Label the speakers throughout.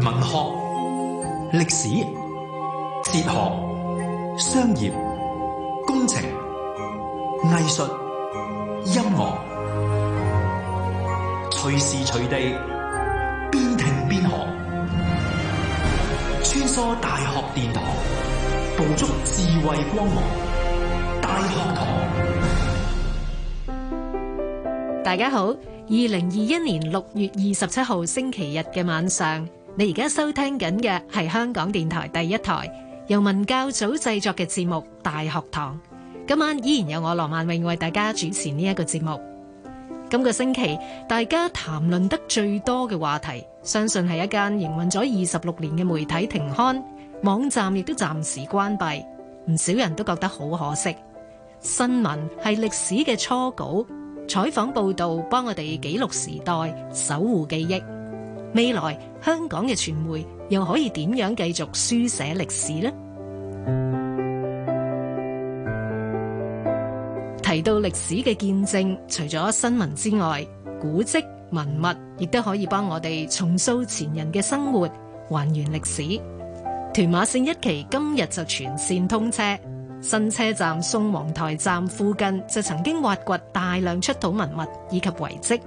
Speaker 1: 文學、歷史、哲學、
Speaker 2: 商業、工程、藝術、音樂，隨時隨地邊聽邊學，
Speaker 1: 穿梭大學殿堂，捕捉智
Speaker 2: 慧光芒。大學堂，
Speaker 1: 大家好，二零二一年六月二十七號星期日嘅晚上。你而家收聽緊嘅係香港電台第一台由文教組製作嘅節目《大學堂》，今晚依然有我羅曼榮為大家主持呢一個節目。今個星期大家談論得最多嘅話題，相信係一間營運咗二十六年嘅媒體停刊，網站亦都暫時關閉，唔少人都覺得好可惜。新聞係歷史嘅初稿，採訪報道幫我哋記錄時代，守護記憶。未來香港嘅傳媒又可以點樣繼續書寫歷史呢？提到歷史嘅見證，除咗新聞之外，古蹟文物亦都可以幫我哋重塑前人嘅生活，還原歷史。屯馬線一期今日就全線通車，新車站宋皇臺站附近就曾經挖掘大量出土文物以及遺蹟。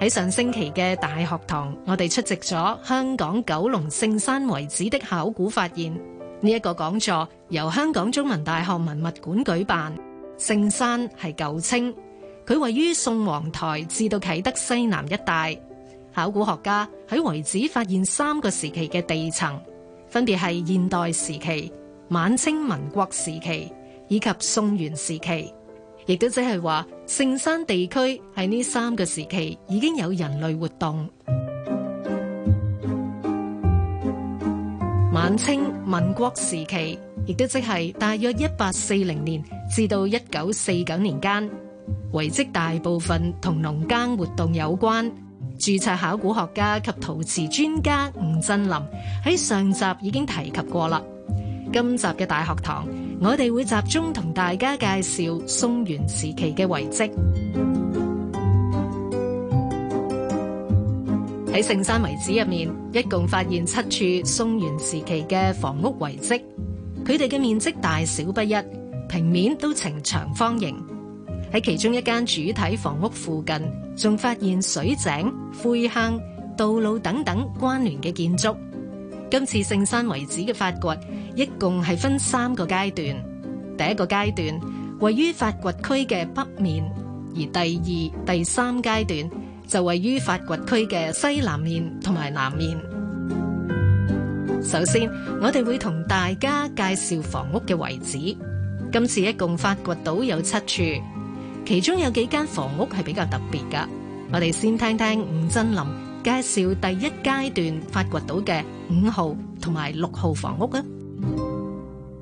Speaker 1: 喺上星期嘅大學堂，我哋出席咗香港九龍聖山遺址的考古發現。呢一個講座由香港中文大學文物館舉辦。聖山係舊稱，佢位於宋皇台至到啟德西南一帶。考古學家喺遺址發現三個時期嘅地層，分別係現代時期、晚清民國時期以及宋元時期。亦都即係話，聖山地區喺呢三個時期已經有人類活動。晚清、民國時期，亦都即係大約一八四零年至到一九四九年間，遺蹟大部分同農耕活動有關。註冊考古學家及陶瓷專家吳震霖喺上集已經提及過啦。今集嘅大學堂。我哋會集中同大家介紹宋元時期嘅遺迹。喺聖山遺址入面，一共發現七處宋元時期嘅房屋遺迹，佢哋嘅面積大小不一，平面都呈長方形。喺其中一間主體房屋附近，仲發現水井、灰坑、道路等等關聯嘅建築。今次聖山遺址嘅發掘。一共係分三個階段。第一個階段位於發掘區嘅北面，而第二、第三階段就位於發掘區嘅西南面同埋南面。首先，我哋會同大家介紹房屋嘅位置。今次一共發掘到有七處，其中有幾間房屋係比較特別㗎。我哋先聽聽吳震霖介紹第一階段發掘到嘅五號同埋六號房屋啊。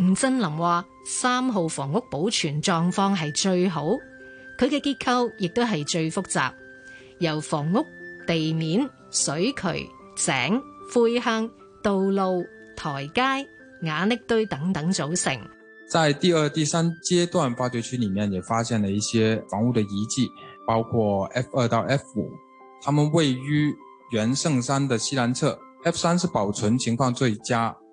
Speaker 1: 吳震霖話：三號房屋保存狀況係最好，佢嘅結構亦都係最複雜，由房屋、地面、水渠、井、灰坑、道路、台階、瓦礫堆等等組成。
Speaker 2: 在第二、第三階段發掘區裏面，也發現了一些房屋的遺跡，包括 F 二到 F 五，他們位於元聖山的西南側。F 三是保存情況最佳。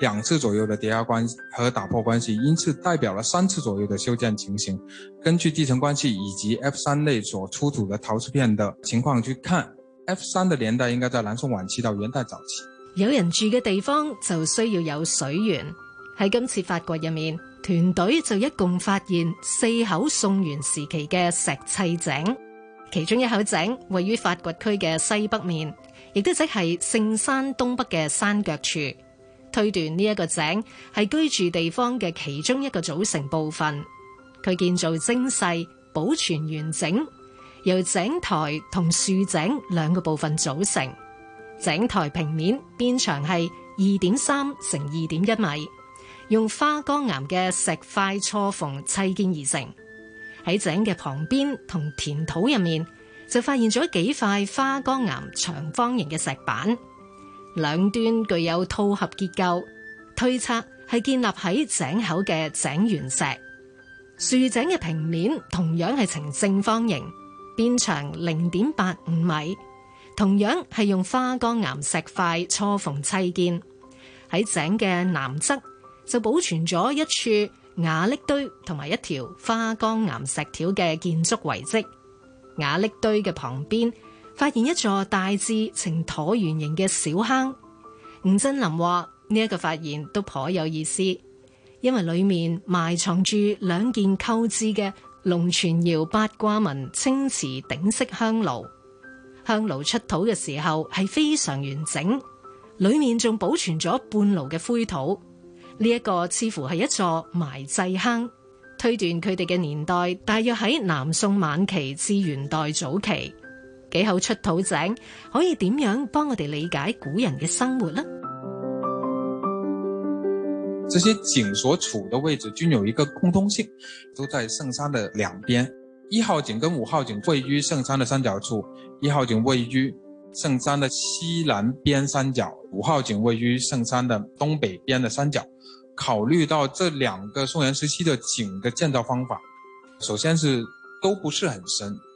Speaker 2: 兩次左右的疊壓關係和打破關係，因此代表了三次左右的修建情形。根據地層關係以及 F 三內所出土的陶瓷片的情況去看，F 三的年代應該在南宋晚期到元代早期。
Speaker 1: 有人住嘅地方就需要有水源。喺今次發掘入面，團隊就一共發現四口宋元時期嘅石砌井，其中一口井位於發掘區嘅西北面，亦都即係聖山東北嘅山腳處。推斷呢一個井係居住地方嘅其中一個組成部分。佢建造精細，保存完整，由井台同豎井兩個部分組成。井台平面邊長係二點三乘二點一米，用花崗岩嘅石塊錯縫砌建而成。喺井嘅旁邊同填土入面，就發現咗幾塊花崗岩長方形嘅石板。兩端具有套合結構，推測係建立喺井口嘅井緣石。豎井嘅平面同樣係呈正方形，邊長零點八五米，同樣係用花崗岩石塊錯縫砌建。喺井嘅南側就保存咗一處瓦礫堆同埋一條花崗岩石條嘅建築遺跡。瓦礫堆嘅旁邊，發現一座大致呈橢圓形嘅小坑，吳震霖話呢一個發現都頗有意思，因為裏面埋藏住兩件購置嘅龍泉窯八卦紋青瓷頂式香爐。香爐出土嘅時候係非常完整，裏面仲保存咗半爐嘅灰土。呢、這、一個似乎係一座埋祭坑，推斷佢哋嘅年代大約喺南宋晚期至元代早期。幾口出土井，可以點樣幫我哋理解古人嘅生活呢？
Speaker 2: 這些井所處的位置均有一個共通性，都在聖山的兩邊。一號井跟五號井位於聖山的山腳處，一號井位於聖山的西南邊山腳，五號井位於聖山的東北邊的山腳。考慮到這兩個宋元時期的井的建造方法，首先是都不是很深。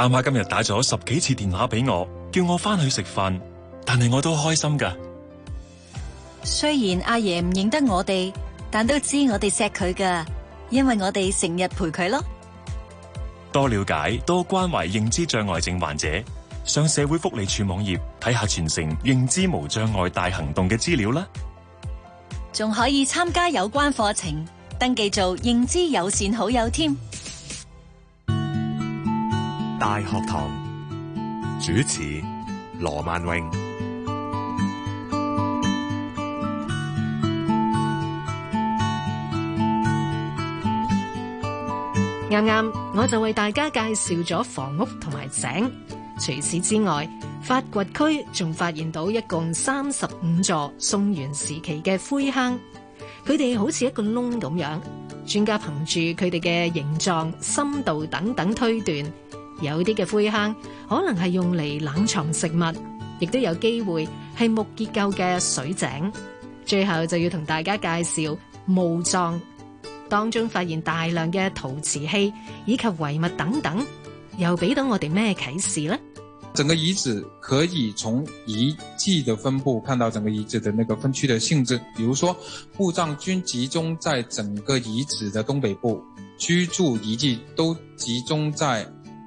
Speaker 2: 阿媽今日打咗十幾次電話俾我，叫我翻去食飯，但係我都開心噶。
Speaker 1: 雖然阿爺唔認得我哋，但都知我哋錫佢噶，因為我哋成日陪佢咯。
Speaker 2: 多了解，多關懷認知障礙症患者，上社會福利處網頁睇下全城認知無障礙大行動嘅資料啦，
Speaker 1: 仲可以參加有關課程，登記做認知友善好友添。
Speaker 2: 大學堂主持羅萬榮，
Speaker 1: 啱啱我就為大家介紹咗房屋同埋井。除此之外，發掘區仲發現到一共三十五座宋元時期嘅灰坑，佢哋好似一個窿咁樣。專家憑住佢哋嘅形狀、深度等等推斷。有啲嘅灰坑可能係用嚟冷藏食物，亦都有機會係木結構嘅水井。最後就要同大家介紹墓葬，當中發現大量嘅陶瓷器以及遺物等等，又俾到我哋咩啟
Speaker 2: 示咧？整個遺址可以從遺跡嘅分佈看到整個遺址嘅那個分區嘅性質，比如說墓葬均集中在整個遺址嘅東北部，居住遺跡都集中在。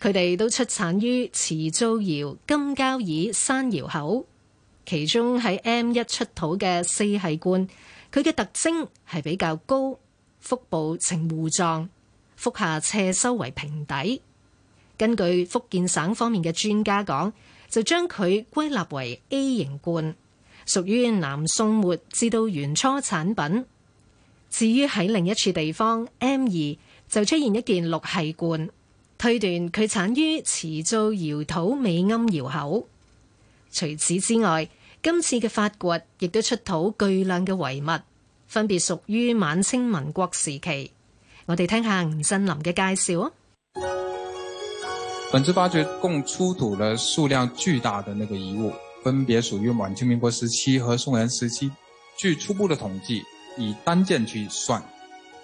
Speaker 1: 佢哋都出產於磁灶窯、金交椅山窯口，其中喺 M 一出土嘅四繫罐，佢嘅特徵係比較高，腹部呈弧狀，腹下斜收為平底。根據福建省方面嘅專家講，就將佢歸納為 A 型罐，屬於南宋末至到元初產品。至於喺另一處地方 M 二就出現一件六系罐。推斷佢產於磁灶窯土尾庵窯口。除此之外，今次嘅發掘亦都出土巨量嘅遺物，分別屬於晚清民國時期。我哋聽下吳震霖嘅介紹
Speaker 2: 啊。本次發掘共出土了數量巨大嘅那個遺物，分別屬於晚清民國時期和宋元時期。據初步嘅統計，以單件去算。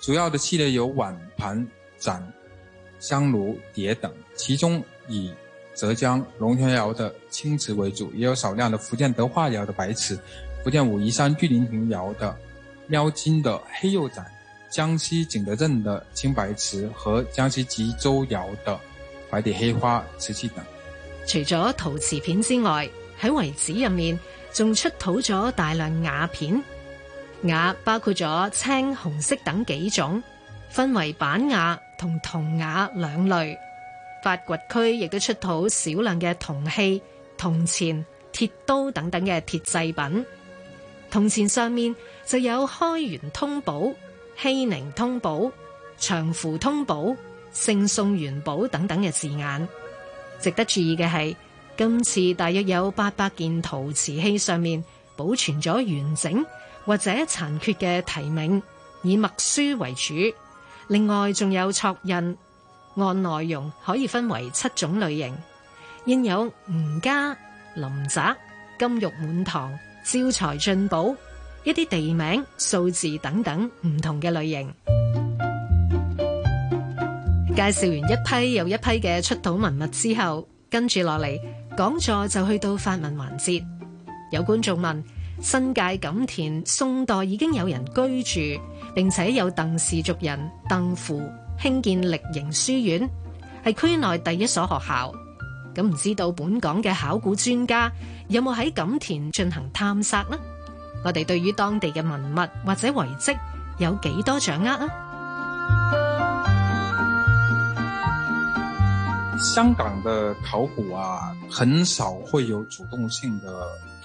Speaker 2: 主要的系列有碗、盤、盞、香爐、碟等，其中以浙江龍泉窯的青瓷為主，也有少量的福建德化窯的白瓷、福建武夷山遇林亭窯，窯的描金的黑釉盞、江西景德鎮的青白瓷和江西吉州窯，窯的白底黑花瓷器等，嗯
Speaker 1: 嗯嗯。除咗陶瓷片之外，喺遺址入面仲出土咗大量瓦片。瓦包括咗青、紅色等幾種，分為板瓦同銅瓦兩類。發掘區亦都出土少量嘅銅器、銅錢、鐵刀等等嘅鐵製品。銅錢上面就有開元通寶、熙寧通寶、長符通寶、聖宋元寶等等嘅字眼。值得注意嘅係，今次大約有八百件陶瓷器上面保存咗完整，或者殘缺嘅題名，以墨書為主，另外仲有拓印，按內容可以分為七種類型，應有吳家、林宅、金玉滿堂、招財進寶、一啲地名、數字等等唔同嘅類型。介紹完一批又一批嘅出土文物之後，跟住落嚟講座就去到發問環節。有觀眾問。新界錦田宋代已經有人居住，並且有鄧氏族人鄧富興建力營書院，係區內第一所學校。咁唔知道本港嘅考古專家有冇喺錦田進行探索呢？我哋對於當地嘅文物或者遺跡有幾多掌握呢？
Speaker 2: 香港嘅考古啊，很少會有主動性嘅。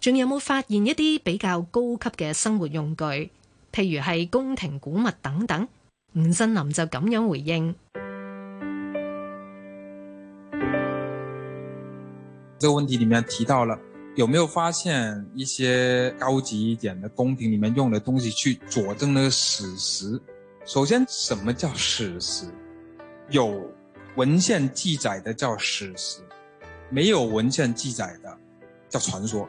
Speaker 1: 仲有冇發現一啲比較高級嘅生活用具，譬如係宮廷古物等等？吳震霖就咁樣回應：
Speaker 2: 「這個問題裏面提到了有沒有發現一些高級一點的宮廷裏面用嘅東西去佐證那個史實？首先，什麼叫史實？有文獻記載的叫史實，沒有文獻記載的叫傳說。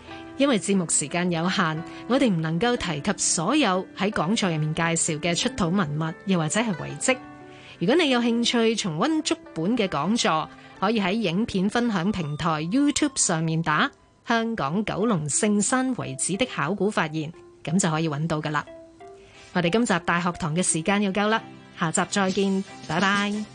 Speaker 1: 因為節目時間有限，我哋唔能夠提及所有喺講座入面介紹嘅出土文物，又或者係遺跡。如果你有興趣重温足本嘅講座，可以喺影片分享平台 YouTube 上面打香港九龍聖山遺址的考古發現，咁就可以搵到噶啦。我哋今集大學堂嘅時間又夠啦，下集再見，拜拜。